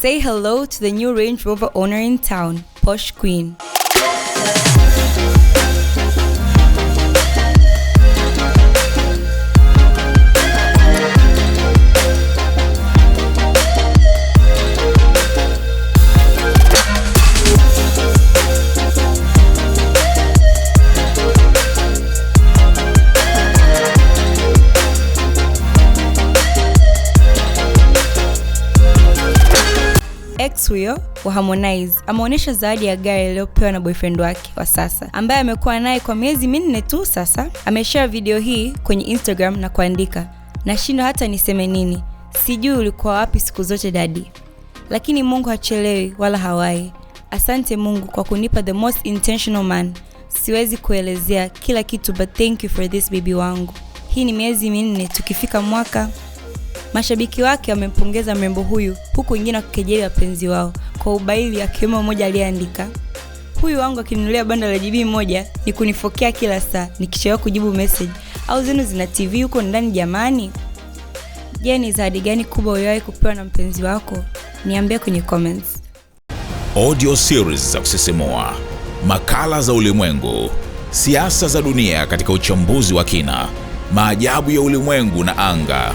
Say hello to the new Range Rover owner in town, Posh Queen. Ex huyo wa Harmonize ameonyesha zawadi ya gari aliyopewa na boyfriend wake wa sasa ambaye amekuwa naye kwa miezi minne tu sasa. Ameshare video hii kwenye Instagram na kuandika, nashindwa hata niseme nini, sijui ulikuwa wapi siku zote dadi, lakini Mungu hachelewi wala hawai. Asante Mungu kwa kunipa the most intentional man. Siwezi kuelezea kila kitu but thank you for this baby wangu. Hii ni miezi minne tukifika mwaka Mashabiki wake wamempongeza mrembo huyu huku wengine wakikejeli wapenzi wao kwa ubaili, akiwemo mmoja aliyeandika huyu wangu akinunulia banda la jibii moja ni kunifokea kila saa nikichelewa kujibu message. Au zenu zina TV huko ndani jamani? Je, ni zawadi gani kubwa uliwahi kupewa na mpenzi wako? Niambie kwenye comments. Audio series za kusisimua, makala za ulimwengu, siasa za dunia katika uchambuzi wa kina, maajabu ya ulimwengu na anga